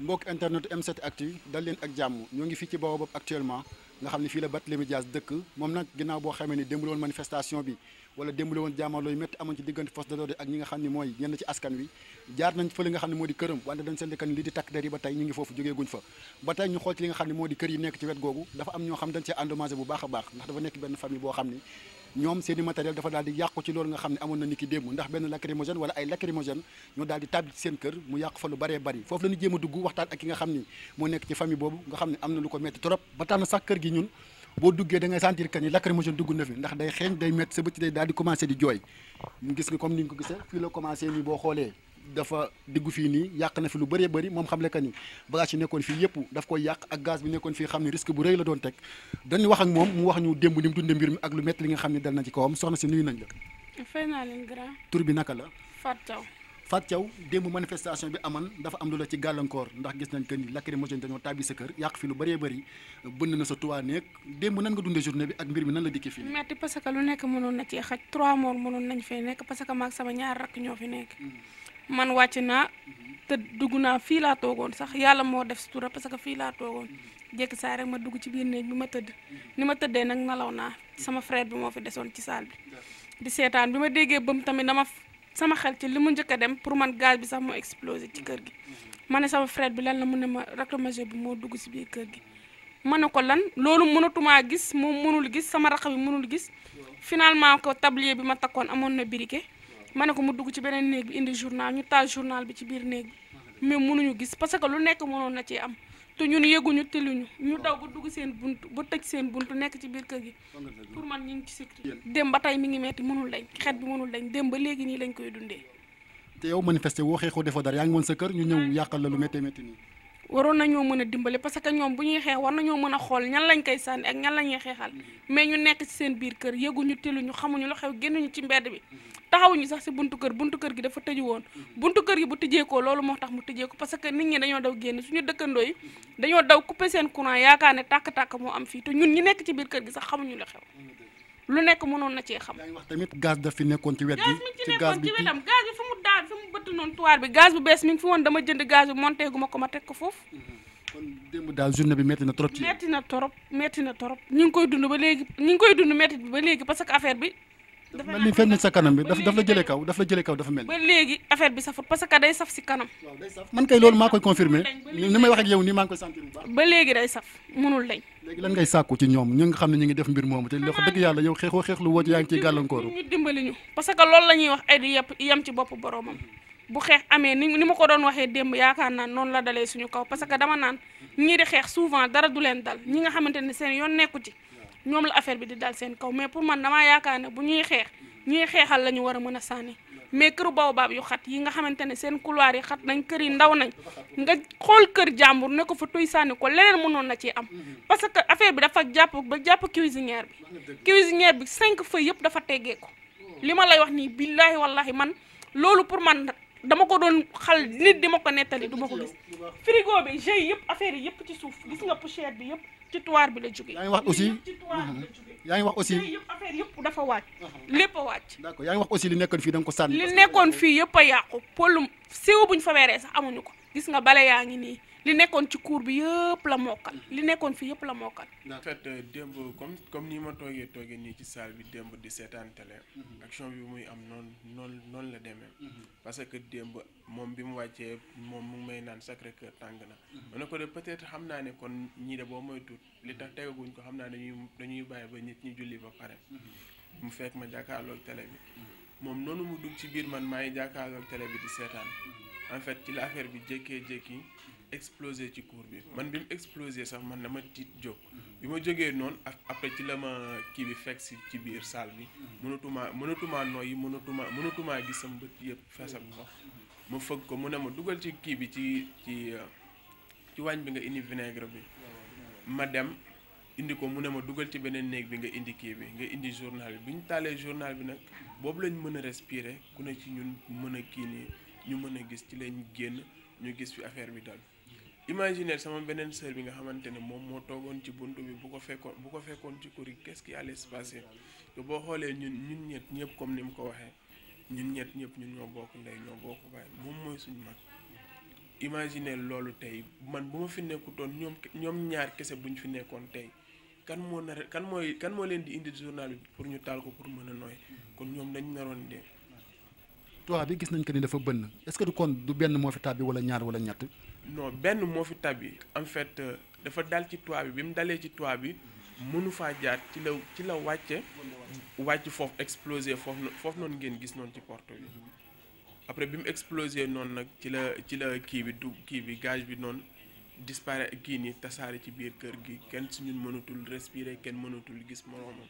mbokk internet M7 Actu dal leen ak jàmm ñoo ngi fii ci Baobab actuellement nga xam ne fii la Barthélémy Dias dëkk moom nag ginnaaw boo xamee ni démb la woon manifestation bi wala démb la woon jaamarloo yu métti amoon ci diggante force de l'ordre ak ñi nga xam ne mooy ñenn ci askan wi jaar nañ fële nga xam ne moo di këram wante dañ seetlu ni li di takk der yi ba tey ñu ngi foofu jógeeguñ fa ba tey ñu xool ci li nga xam ne moo di kër am ñoo xam dañ a baax ndax dafa nekk benn famille boo xam ñoom seen i matériel dafa daal di yàqu ci loolu nga xam ne amoon na ni ki démb ndax benn lacrymogène wala ay lacrymogène ñoo daal di tàbbi ci seen kër mu yàqu fa lu bëree bëri foofu la ñu a dugg waxtaan ak ki nga xam ni moo nekk ci famille boobu nga xam ne am na lu ko metti trop ba tax na sax kër gi ñun boo duggee da ngay sentir que ni lacrymogène dugg na fi ndax day xeeñ day métti sa bëcc day daal di commencé di jooy gis nga comme ni nga dafa diggu fii nii yàq na fi lu bëree bëri moom xam le que ni bagage yi nekkoon fii yëpp daf koy yàq ak gaz bi nekkoon fii xam ne risque bu rëy la doon teg dañu wax ak moom mu wax ñu démb ni mu dundee mbir mi ak lu li nga xam ne dal na ci kawam soxna si nuyu nañ la. fay naa leen grand. tur bi naka la. Fatou Thiaw. Fatou Thiaw bi aman dafa am lu la ndax gis nañ que ni lacrymogène dañoo tàbbi sa yàq fi lu bëree bëri bënn na sa tuwaa nekk démb nan nga dundee journée bi ak mbir mi nan la dikkee fii metti parce que lu nekk mënoon na ci xaj trois morts mënoon nañ fee nekk parce que maag sama ñaar rakk ñoo fi nekk mm. man wàcc naa te dugg naa fii laa toogoon sax yàlla moo def sutura parce que fii laa toogoon jékki saa rek ma dugg ci biir néeg bi ma tëdd ni ma tëddee nag nalaw naa sama frère bi moo fi desoon ci saal bi di seetaan bi ma déggee bëm tamit dama sama xel ci li mu njëkk a dem pour man gaz bi sax moo explosé ci kër gi ma ne sama frère bi lan la mu ne ma rakk majeur bi moo dugg si biir kër gi ma ne ko lan loolu mënatumaa gis moom mënul gis sama rakk bi mënul gis finalement ko tablier bi ma takkoon amoon na briquet ma ne ko mu dugg ci beneen néeg bi indi journal ñu taal journal bi ci biir néeg bi mais mënuñu gis parce que lu nekk mënoon na ci am te ñun yëguñu tiluñu ñu ñu daw ba dugg seen bunt ba tëj seen bunt nekk ci biir kër gi pour man ñu ngi ci sécurité dem ba tey mi ngi metti mënul dañ xet bi mënul dañ dem ba léegi nii lañ koy dundee te yow manifesté woo xeexoo defoo dara yaa ngi woon sa kër ñu ñëw yàqal la lu méttee métti nii waroon nañoo mën a dimbale parce que ñoom bu ñuy xeex war nañoo mën a xool ñan lañ koy sànni ak ñan la ñuy xeexal mais ñu nekk ci seen biir kër yëguñu tiluñu xamuñu lu xew génnuñu gi dafa tëju woon buntu kër gi bu tëjee ko loolu moo tax mu tëjee ko parce que nit ñi dañoo daw génn suñu dëkkandoo yi dañoo daw couper seen courant yaakaar ne tàkk-tàkk moo am fii te ñun ñi nekk ci biir kër gi sax xamuñu lu xew lu nekk mënoon na cee xam. wax tamit gaz daf fi nekkoon ci wet bi ci monté noonu tuwaar bi gaz bu bees mi ngi fi woon dama jënd gaz bi monté gu ma ko ma teg ko foofu. kon démb daal journée bi métti na trop ci. métti na trop métti na trop ñu ngi koy dund ba léegi ñu ngi koy dund métti bi ba léegi parce que affaire bi. dafa mel ni fenn sa kanam bi daf daf la jëlee kaw daf la jëlee kaw dafa mel. ba léegi affaire bi safut parce que day saf si kanam. waaw day saf man kay loolu maa koy confirmer ni may wax ak yow nii maa ngi koy sentir bu baax. ba léegi day saf munul dañ. léegi lan ngay sàkku ci ñoom ñu nga xam ne ñu ngi def mbir moomu te wax dëgg yàlla yow xeexoo xeexlu woo ci yaa ngi ciy gàllankooru. ñu dimbali ñu parce que loolu la ñuy wax ay di yem ci bopp boroomam bu xeex amee ni ni ma ko doon waxee démb yaakaar naa noonu la dalee suñu kaw parce que dama naan ñii di xeex souvent dara du leen dal ñi nga xamante ne seen yoon nekku ci ñoom la affaire bi di dal seen kaw mais pour man damaa yaakaar bu ñuy xeex ñuy xeexal la ñu war a mën a sànni mais këru baobab yu xat yi nga xamante ne seen couloir yi xat nañ kër yi ndaw nañ nga xool kër jàmbur ne ko fa tuy sànni ko leneen mënoon na ci am parce que affaire bi dafa jàpp ba jàpp cuisinière bi cuisinière bi cinq feuilles yëpp dafa teggee ko li ma lay wax nii billaahi wallahi man loolu pour man dama ko doon xal nit dama ko nettali du ma ko gis frigo bi jeu yëpp affaire yi yëpp ci suuf gis nga poussière bi yëpp ci toir bi la jógee. yaa ngi wax aussi yaa ngi wax aussi yëpp mhm. affaire yëpp dafa wàcc mhm. lépp a wàcc. d'accord yaa ngi wax aussi li nekkoon fii da nga ko sànni. li nekkoon fii yëpp a yàqu polum siiw buñ fa weeree sax amuñu ko gis nga bale yaa ngi nii li nekkoon ci cours bi yëpp la mokkal li nekkoon fii yëpp la mokkal. en fait euh, démb comme comme ni ma toogee toogee nii ci salle bi démb di seetaan tele mhm. action bi muy am noonu noonu noonu la demee. Mhm. parce que démb moom bi mu wàccee moom mu may naan sacré cœur tàng na. Mhm. ma ne ko de peut-être xam naa ne kon ñii de boo moytuwul li tax tegaguñ ko xam naa dañuy dañuy bàyyi ba nit ñi julli ba pare. mu fekk ma jàkkaarloog tele bi. moom noonu mu dugg ci biir man maa ngi jàkkaarloog télé bi di seetaan. en ci la affaire bi jékkee jékki. explosé ci cours bi man bi mu explosé sax man ma tiit jóg bi ma jógee noonu ak après ci la ma kii bi fekk si ci biir salle bi mënatumaa mënatumaa nooyi mënatumaa mënatumaa gis sama bët yëpp fees ak ndox ma fëgg ko mu ne ma dugal ci kii bi ci ci ci waañ bi nga indi vinaigre bi ma dem indi ko mu ne ma dugal ci beneen néeg bi nga indi kii bi nga indi journal bi bi ñu taalee journal bi nag boobu lañ mën a respirer ku ne ci ñun mën a kii nii ñu mën a gis ci lañ génn ñu gis fi affaire bi imaginer sama beneen sœur bi nga xamante ne moom moo toogoon ci bunt bi bu ko fekkoon bu ko fekkoon ci kori qu'est-ce qui allait se boo xoolee ñun ñun ñet ñëpp comme ni mu ko waxee ñun ñet ñëpp ñun ñoo bokk ndey ñoo bokk baay moom mooy suñu mag imaginer loolu tey man bu ma fi nekkutoon ñoom ñoom ñaar kese buñ fi nekkoon tey kan moo nar kan mooy kan moo leen di indi journal bi pour ñu taal ko pour mën a nooy kon ñoom dañ meroon dee tubaab bi gis nañ que ni dafa bënn est-ce que kon du benn moo fi tàbbi wala ñaar wala ñett. non benn moo fi tàbbi en fait euh, dafa dal ci toit bi bi mu dalee ci toit bi mënu faa jaar ci la ci la wàcce wàcc foofu explosé foofu noonu foofu noonu ngeen gis noonu ci porte bi après bi mu explosé noonu nag ci la ci la kii bi du kii bi gaz bi noonu disparaît kii ni tasaare ci biir kër gi kenn suñu mënatul respirer kenn mënatul gis moroomam